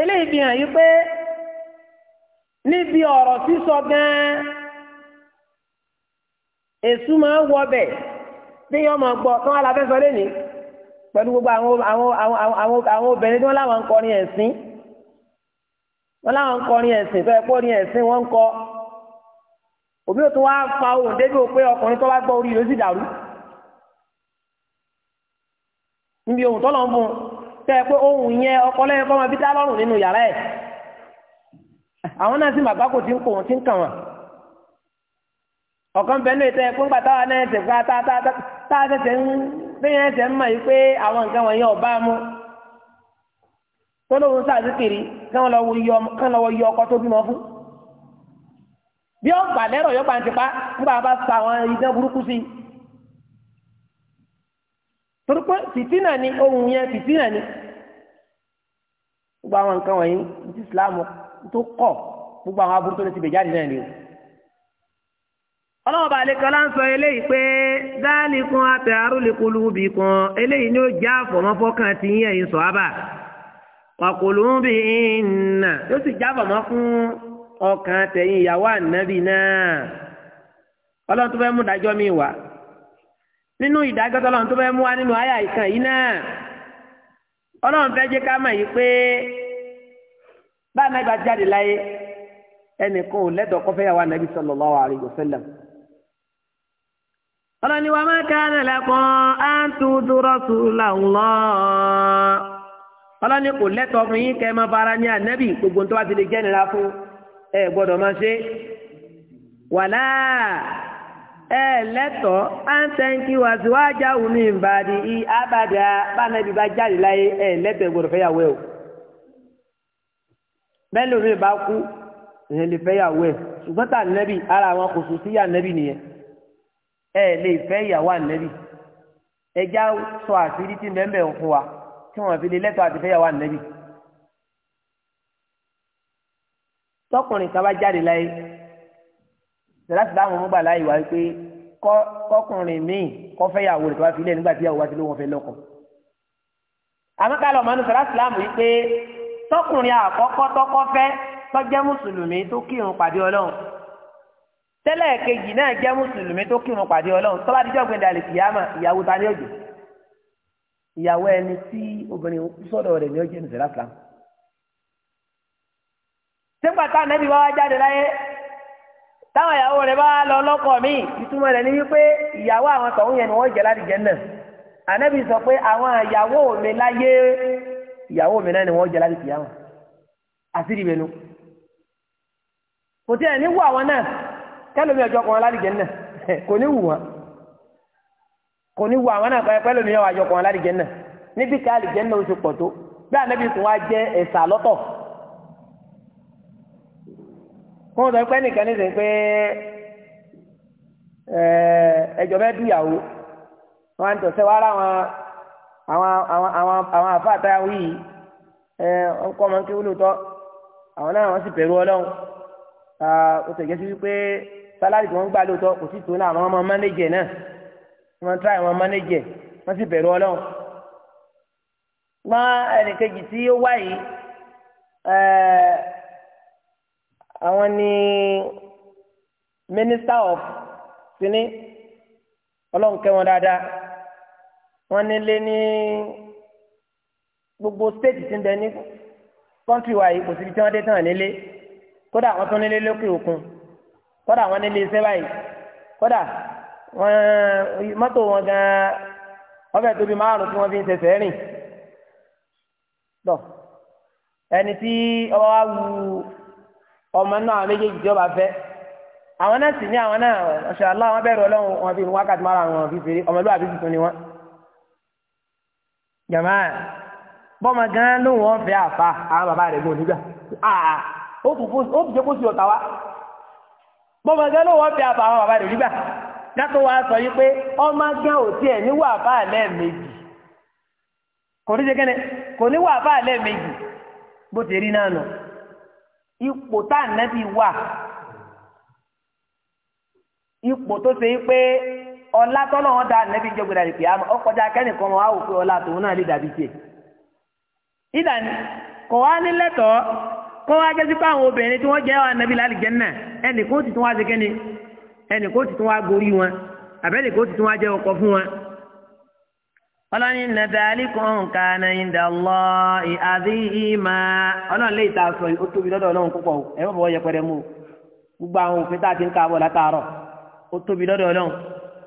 eléyìí fi hàn yí pé níbi ọ̀rọ̀ sísọ èsú máa ń wọ ọbẹ̀ tí yọ́n máa gbọ́ tí wọ́n gbogbo àwọn àwọn àwọn àwọn obìnrin tí wọ́n láwọn ń kọrin ẹ̀sìn wọ́n láwọn ń ẹ̀sìn ẹ̀sìn wọ́n ń kọ òbí ò tó wá fa ohùn débi ò ọkùnrin tó bá gbọ́ orí dàrú níbi ohun tó lọ ń bùn pé ohun yẹn ọkọ kọ́ máa fi dá lọ́rùn nínú ọ̀kan bẹ́ẹ̀ ló tẹ fún pàtàwà náà ẹsẹ̀ fún àtàtàtàtàtẹ̀ ń bẹ́yẹn ẹsẹ̀ ń mọ̀ yìí pé àwọn nǹkan wọ̀nyí ọ̀bá mu tó lóun sàzíkiri kán lọ́wọ́ yọ ọkọ tó bímọ fún. bí ó gbà lẹ́rọ̀ yọ pàǹtìpá nígbà bá sa àwọn idán burúkú sí i. torí pé fìtínà ni ohun yẹn fìtínà ni. gbogbo àwọn nǹkan wọ̀nyí ní ti Islam tó kọ̀ gbogbo àwọn aburú tó lè ni ọlọ́ọ̀bà la ń sọ eléyìí pé dáàlìkún àtẹ arúlẹ̀kùlù bì kan eléyìí ni ó já àfọ̀mọ́fọ́kàn ti yín ẹ̀yin sọ ábà wàkùlù ń bì nà yóò sì já fún ọkàn tẹ̀yìn ìyàwó ànábì náà ọlọ́run tó fẹ́ mú dájọ́ mi wá nínú ìdájọ́ tó fẹ́ mú wá nínú àyà ìkàn yìí náà ọlọ́run fẹ́ jẹ́ ká mọ̀ yìí pé bá jáde láyé ẹnìkan ò lẹ́dọ̀ọ́ kọ́fẹ́ ọlọ́ni wa máa ká ní lẹ́kùn á ń tu dúrọ́sù làwùlọ́ ọlọ́ni kò lẹ́tọ̀ọ́ fún yín kẹ́ ẹ máa bára ní ànábì gbogbo tó bá ti lè jẹ́nira fún ẹ gbọ́dọ̀ máa ṣe wàlá ẹ lẹ́tọ̀ọ́ á ń tẹ́ǹkì wá sí wáá já òun ní ìbàdí i àbàdà bánàbí bá jáde láyé ẹ lẹ́tọ̀ọ́ gbọ́dọ̀ fẹ́ yàwó ẹ o bẹ́ẹ̀ lómi bá kú ìyẹn lè fẹ́ yàwó ẹ ṣùgbọ́n tà nẹ́bì ara àwọn kò sùn sí yà nẹ́bì nìyẹn ẹ lè fẹ́ ìyàwó ànẹ́bì ẹjá sọ àṣírí tí mẹ́mẹ́ ń fún wa tí wọ́n fi lè lẹ́tọ̀ àti fẹ́ ìyàwó ànẹ́bì. tọkùnrin kan bá jáde láyé sọláṣí láwọn ọmọ gbà láyé wá pé kọkùnrin míì kọ fẹ́ ìyàwó rẹ̀ tó bá fi lẹ̀ nígbà tí ìyàwó bá ti ló wọn fẹ́ lọ́kọ. àmọ́ ká lọ mọ́nú sọláṣí láàmù yìí pé tọkùnrin àkọ́kọ́ tọkọ fẹ́ tọ́jẹ́ mùsùlùmí tó kírun pàdé ọlọ́run tẹ́lẹ̀ kejì náà jẹ́ mùsùlùmí tó kírun pàdé ọlọ́run tọ́ba díjọ́ gbẹ̀dẹ̀ àlè kìyàmà ìyàwó ta ní òjò ìyàwó ẹni tí obìnrin kú sọ́dọ̀ rẹ̀ ní ọjọ́ ìmùsùlá fìlà. sígbà táwọn ẹbí bá wá jáde láyé táwọn ìyàwó rẹ̀ bá lọ lọ́kọ̀ míì ìtumọ̀ rẹ̀ ní wípé ìyàwó àwọn tọ̀hún yẹn ni wọ́n jẹ́ láti jẹ́ náà ànábì sọ pé àwọn ìyàwó mi láyé ìyàwó mi náà ni wọ́n jẹ́ láti kìyàmà àṣírí mi nu kò tí ẹ̀ ní àwọn náà kẹlòmí ọjọ́ kan aládìjẹ náà kò ní wù wọn kò ní wù àwọn náà kọ́ ẹlòmí ọjọ́ kan aládìjẹ náà níbi ká alìjẹ náà oṣù pọ̀ tó bí ànábi kò wá jẹ́ ẹ̀sà lọ́tọ̀ wọ́n sọ pé nìkan ní sè pé ẹjọ́ bẹ́ẹ̀ àwọn àwọn àwọn àwọn ẹ ọkọ ọmọ wúlò àwọn náà sì sálárì tí wọ́n ń gbà lóòótọ́ kò sí tó náà àwọn ọmọ mánéjẹ náà wọ́n tíráì wọn mánéjẹ wọ́n sì bẹ̀rù ọlọ́run. wọ́n ẹnìkejì tí ó wá yìí eh, àwọn ni minister of sini ọlọ́run kẹ́ wọn dáadáa wọ́n nílé ní gbogbo state ti ń bẹ ní country wa yìí kò síbi tí wọ́n dé tán nílé kódà wọ́n tún nílé lókè òkun kódà wọn nílé iṣẹ́ báyìí kódà wọn mọ́tò wọn gan-an wọ́n fẹ́ẹ́ tóbi márùn tí wọ́n fi ń ṣe sẹ́rìn lọ ẹni tí ọba wa wu ọmọ náà méjèèjì tí ọba fẹ́ àwọn náà sì ní àwọn náà ọ̀ṣọ́ àlọ́ àwọn bẹ̀rù ọlọ́run wọn fi wákàtí márùn wọn fi fèrè ọmọlúwàbí tuntun ni wọn. jàmá bọ́mọ gan-an lóun ọ̀fẹ́ àfa àwọn bàbá rẹ̀ gbọ́n nígbà ó kù kó ó kù jẹ́ kó sì ọ̀tá wa. bọ́mọ gẹ́ ló wọ́n fi àbá àwọn bàbá rẹ̀ wa sọ yí pé ọmọ ma ò tiẹ̀ níwà bá lẹ́ẹ̀mejì kò ní ṣe kò lẹ́ẹ̀mejì bó ti rí náà nù ipò wà ipò tó ṣe pé ọlá tọ́lọ́ wọn dá nẹ́bí jẹ́gbẹ̀dà lè pè á mọ́ ọkọjá wọn á wò pé ọlá tòun náà lè dàbí tiẹ̀ kò wá kọ́ wá jẹ́ sí àwọn obìnrin tí wọ́n jẹ́ wà nàbí lálẹ́ jẹ́nà ẹnì kó wá kíni ẹnì kó wá gorí wọn àbẹ́nì kó ti wá jẹ́ ọkọ fún wọn. ọlọ́yin nàdà alikun kana inda Allahi azima ọlọ́run lè ta sọ ó tóbi lọ́dọ̀ ọlọ́run púpọ̀ ẹ má bọ̀ mú o gbogbo àwọn òfin tá a ti ń ka látàárọ̀ ó tóbi lọ́dọ̀ ọlọ́run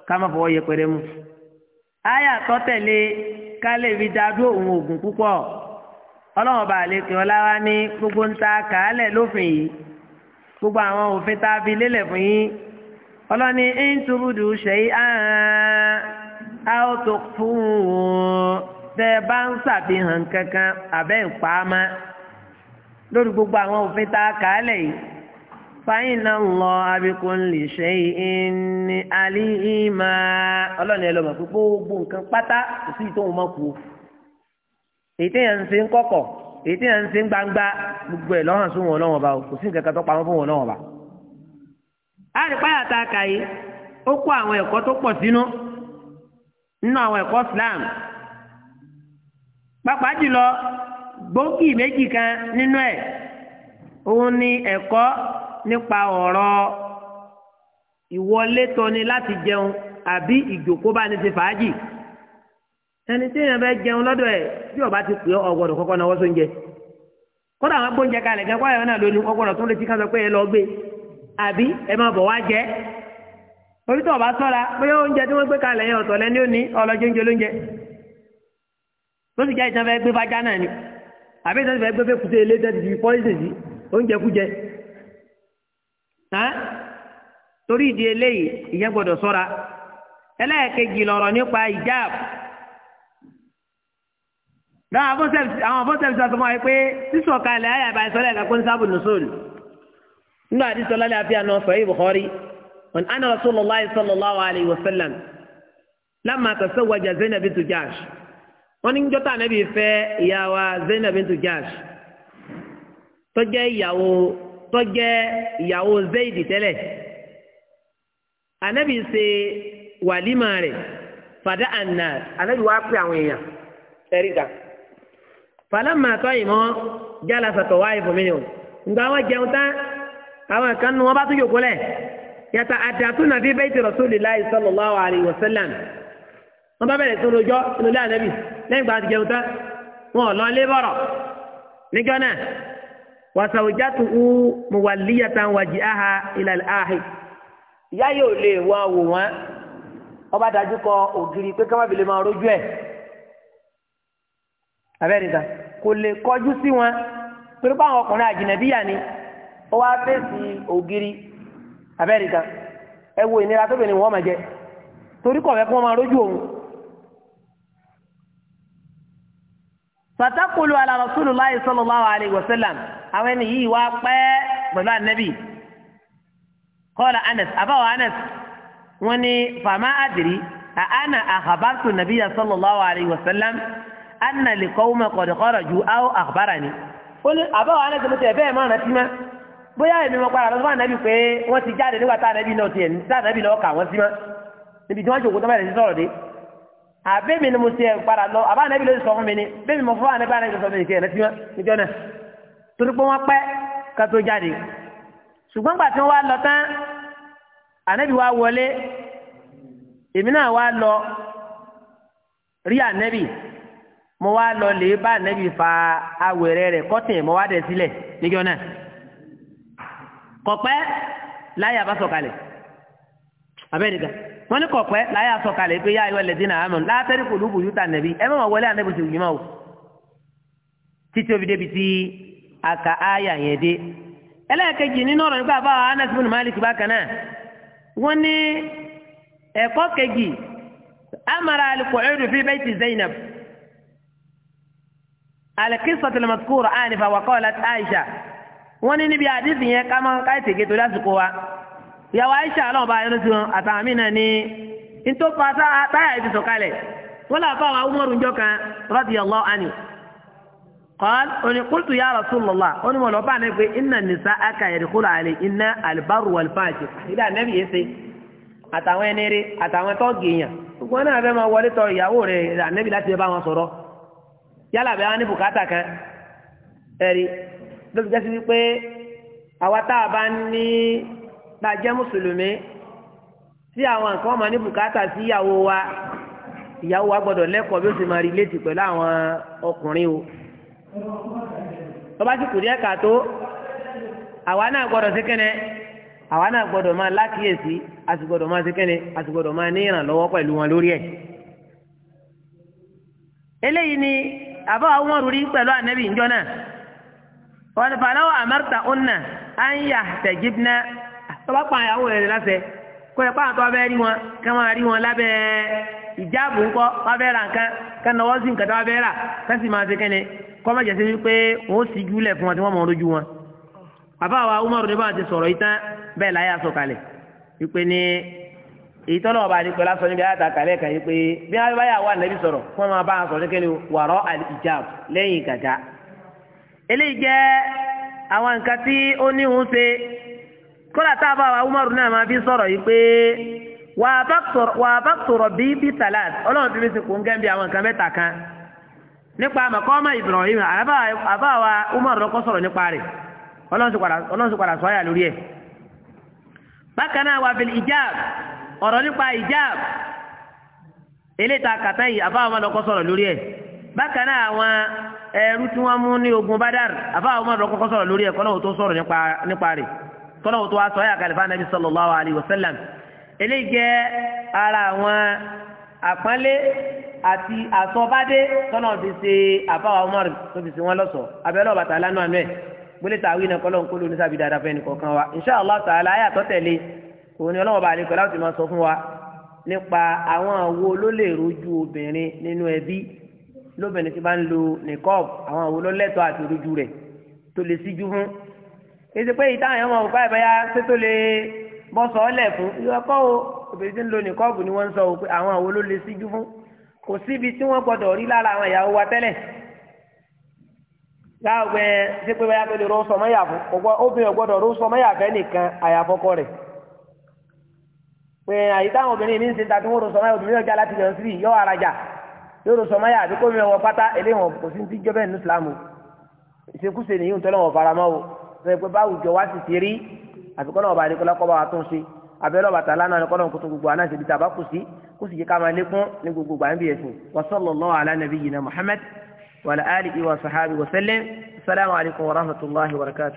ká má bọ̀ ọlọ́run bá lè kí ọlá wa ní gbogbo ń ta kàálẹ̀ lófin yìí gbogbo àwọn òfin tá a fi lélẹ̀ fún yín ọlọ́ni ń túbùdù ṣe é á ó tó fún un tẹ́ ẹ bá ń ṣàfihàn kankan àbẹ́ ìpamọ́ lórí gbogbo àwọn òfin tá a kàálẹ̀ yìí fàyín náà ń lọ abikun lè ṣe ní alíhìmá ọlọ́ni ẹ lọ́mọ̀ pé gbogbo nǹkan pátá kò sí ìtòhùn mọ́kù o èyí tí yẹn ń ṣe ń kọ̀kọ̀ èyí tí yẹn ń ṣe ń gbangba gbogbo ẹ̀ lọ́hàn sún wọn lọ́wọ́ bá o kò sí nǹkan kan tó pamọ́ fún wọn lọ́wọ́ bá. a lè páyà tá a kà yìí ó kó àwọn ẹ̀kọ́ tó pọ̀ sínú nínú àwọn ẹ̀kọ́ Islam pàápàá jùlọ gbòógì méjì kan nínú ẹ̀ òun ni ẹ̀kọ́ nípa ọ̀rọ̀ ìwọlé tọ́ni láti jẹun àbí ìjòkó bá ní ti fàájì. ẹni tí èèyàn bẹ jẹun lọ́dọ̀ bí ọba ti pè ọ gbọ́dọ̀ kọ́kọ́ náà wọ́n sóúnjẹ kódà àwọn gbóúnjẹ kalẹ̀ kẹ́ kọ́ ẹ̀ náà lónìí wọ́n gbọ́dọ̀ tún lè ti ká sọ pé ẹ lọ gbé àbí ẹ máa ọba sọ́ra pé oúnjẹ tí wọ́n gbé kalẹ̀ yẹn ọ̀tọ̀ lẹ́ni òní ọlọ́jọ́ oúnjẹ lóúnjẹ sì jẹ́ ìtàn fẹ́ torí náà àwọn afọ́sẹ̀lì sọ fún wa pé sísọ̀kalẹ̀ ayé àbáyé sọ́lẹ̀ ẹ̀ka kún sábù nùsọ̀lù nígbà àti sọlá lè àfihàn náà sọ̀rọ̀ ìbùkọ́rí wọn àná rasulillah sallallahu alayhi wa sallam lamma tasawwaja zainab bintu jash wọn ní jọta anabi fẹ́ ìyàwó zainab bintu jash tó jẹ́ ìyàwó tó jẹ́ ìyàwó zaidi tẹ́lẹ̀ anabi ṣe wàlímà rẹ̀ fàdà àná anabi wàá pè àwọn èèyàn ẹ̀rí kan. fàlámà tọ́yìmọ́ jálá jala wáyé wa yi ni o nga wọn jẹun tán àwọn kan nu alayhi wa sallam wọn bá bẹ̀rẹ̀ tó lójọ́ lórí ànábì lẹ́yìn gbà àti jẹun tán wọn ò lọ lé bọ̀rọ̀ níjọ́ náà wàsàwùjátù ú mùwàlíyàtà wàjì áha ilẹ̀ áhì ìyá yóò lè wọ́n wò ọba dájú kọ ògiri pé kámábìlẹ̀ máa rójú ẹ̀ abẹ́rẹ́ ta kò lè kọjú sí wọn pé báwọn ọkùnrin àjìnàbíyà ni ó wá fèsì ògiri abẹ́rẹ́ ta ẹ wo ìnira tóbi ni wọ́n máa jẹ torí kọ̀ fẹ́ kí wọ́n máa rójú òun. fatakulu ala rasulillahi sallallahu alayhi wa sallam àwọn ẹni yìí wá pẹ́ pẹ̀lú anabi kọ́lá anas abáwọ̀ anas wọ́n ní fama adiri àánà àkàbàtù nàbíyà sallallahu alayhi wa anna lè kọ́ ọmọ kọ̀dọ̀ kọ́rọ̀ ju áwọ̀ àkùbára ni ó ní àbáwọ̀ anẹ́tẹ̀mọ́ tẹ̀ bẹ́ẹ̀ máa rántí má bóyá èmi mọ̀ padà lọ́sọ́mọ́ ànábì pé wọ́n ti jáde nígbà tá ànábì náà tiẹ̀ tá ànábì náà kà wọ́n sí má níbi tí wọ́n jòkó tó bẹ̀rẹ̀ sí sọ̀rọ̀ dé àbẹ́mi ni mo tiẹ̀ padà lọ àbá ànábì ló sọ fún mi ni bẹ́ẹ̀ mi mọ̀ fún ànábì ànábì sọ fún mi kẹ́ ẹ̀rẹ́ sí má níjọ́ náà torí pé wọ́n pẹ́ jáde ṣùgbọ́n gbà tí wọ́n wá lọ tán mo wa lọ lè bá ànábì fa awere rẹ̀ kọ́tìn mo wá dẹ̀ sílẹ̀ níjọ́ náà kọ̀pẹ́ láyà bá sọ̀kalẹ̀ abẹ́nìkan wọ́n ni kọ̀pẹ́ láyà sọ̀kalẹ̀ pé yá ayọ̀ lẹ́dínà àmọ́ látẹ́rì kò lùbù yúta ànábì ẹ mọ̀ wọlé ànábì sì yìí mọ́ o títí o fi débi tí a kà áyà yẹn dé ẹlẹ́ẹ̀kejì nínú ọ̀rọ̀ nípa àbáwọ̀ Anas bin Malik bákan náà wọ́n ní ẹ̀kọ́ kejì amara alukọ̀ ẹ̀rù fi Zainab alikisa tilimatukuru anifa wakọọla aisha wọn ní níbi àdìsí yẹn ká máa ká ètè gètò lásìkò wa ìyàwó aisha ọlọ́run bá yọnu sí wọn àtàwọn míì náà ní ntòpá táyà ti sọ̀kalẹ̀ wọn làwọn fáwọn umaru njọ kan radiyallahu anhu qal oní qultu ya rasulullah oní wọn lọ bá ní pé inna nisa'aka yadkhulu àlè iná albaru walfajir ilé ànábì yẹn ṣe àtàwọn ẹni rí àtàwọn tó gèèyàn gbogbo náà fẹ́ máa wọlé tọ ìyàwó rẹ̀ ànábì láti bá wọn sọ̀rọ̀ yálà bẹ́ẹ̀ wá ní bùkátà kan ẹ̀rí ló fi wípé àwa a bá ní bá jẹ́ mùsùlùmí tí àwọn nǹkan ọmọ wa ìyàwó wa gbọ́dọ̀ lẹ́kọ̀ọ́ bí ó sì máa rí létí pẹ̀lú àwọn ọkùnrin o sì kù díẹ̀ àwa náà gbọ́dọ̀ sí kẹ́nẹ́ àwa náà gbọ́dọ̀ a máa sí kẹ́nẹ́ a máa ní ìrànlọ́wọ́ pẹ̀lú wọn lórí ẹ̀ àbá wọn rúri pẹ̀lú ànábì ìjọ náà wọn fàlàwọ àmàrìtà ọ̀nà ànyà tẹ̀jìbìnà tọ́ba pa àyàwó rẹ̀ lásẹ̀ kó ẹ̀ pàtó abẹ́ rí wọn kí wọ́n rí wọn lábẹ́ ìjáàbù ńkọ́ wọn bẹ́ ra nǹkan kí wọ́n sì nǹkan tó wọn bẹ́ rà kí máa ṣe kẹ́ni kọ́ má jẹ́sí wípé wọ́n sì júlẹ̀ fún wọn tí wọ́n mọ̀ lójú wọn. àbá wa umaru ní bá wọn ti sọ̀rọ̀ yìí tán bẹ́ẹ̀ láyà sọ̀kalẹ̀ wípé ní èyí tọ́nà ọba àdìpẹ́ lásán níbi ayáta kàlẹ́ kan yìí pé bí wọ́n bá yà wà nẹ́bí sọ̀rọ̀ kí wọ́n máa bá wọn sọ̀rọ̀ ní kẹ́ni wàrọ̀ al-ijab lẹ́yìn gàgà. eléyìí jẹ́ àwọn nǹkan tí ó ní òun ṣe kódà tá a bá wa Umaru náà máa fi sọ̀rọ̀ yìí pé wà á bá sọ̀rọ̀ bí bí salad ọlọ́run ti fi sìnkú ń gẹ́ǹbi àwọn nǹkan mẹ́ta kan nípa mọ̀kọ́mọ́ Ibrahim àbáwa Umaru lọ́kọ́ sọ̀rọ̀ nípa rẹ̀ ọlọ́run ti padà sọ́yà lórí ẹ̀ bákan náà ọ̀rọ̀ nípa ìjáàb eléta kàtá yìí àbáwọn ọmọdọkọ sọ̀rọ̀ lórí ẹ̀ bákan náà àwọn ẹrú tí wọ́n mú ní ogun Badar àbáwọn ọmọdọkọ sọ̀rọ̀ lórí ẹ̀ kọ́lọ́wọ́ tó sọ̀rọ̀ nípa rẹ̀ kọ́lọ́wọ́ tó wá sọ ẹ̀ àkàlẹ́fà nàbí sallallahu alaihi wasallam eléyìí jẹ́ ara àwọn àpọ́nlé àti àsọ̀bádé tọ́nà fi ṣe àbáwá Umar tó fi ṣe wọ́n lọ́sọ̀ abẹ́lẹ́ ọ̀bàtà lánàá nù ẹ̀ gbélé tàwí náà kọ́lọ́ ń kó lóní sábì òun ni ọlọ́wọ́ bá lè pẹ̀lú àti máa sọ fún wa nípa àwọn àwo ló lè rojú obìnrin nínú ẹbí lóbìnrin tí bá ń lo nìkọ́ọ̀b àwọn àwo ló lẹ́tọ̀ọ́ àti rojú rẹ̀ tó lè síjú fún èsì pé ìtàn àwọn ọmọ òkú àìbáyá pé tó lè bọ́ sọ ọ́ lẹ̀ fún ìyọkọ́ o obìnrin tí ń lo nìkọ́ọ̀bù ni wọ́n ń sọ o pé àwọn àwo ló lè síjú fún kò síbi tí wọ́n gbọ́dọ̀ rí lára àwọn ìyàwó wa tẹ́lẹ̀ láàgbẹ́ sí báyà tó lè rọ́ sọmọ́yà fún obìnrin pé àyè táwọn obìnrin mi ń ṣe ta tí wọ́n rò sọmáyà obìnrin ọjà láti yàn sí yọ arajà yóò rò sọmáyà àbí kó mi wọ pátá eléwọ̀n kò sí ti jọ́bẹ̀ nínú Ìsìlámù ìṣekúṣe nìyí ń tọ́lọ́wọ̀n faramọ́ o sọ pé báwùjọ wá sì ti rí àfikún náà ọba àdékọ́lá kọ́ bá wa tún ṣe abẹ́rẹ́ ọ̀bàtà lánàá ni kọ́nà kótó gbogbo anáṣẹ́ bíi tàbá kù sí kó sì jẹ́ ká máa lékún ní gbogbo Muhammad wa ala alihi alaikum wa rahmatullahi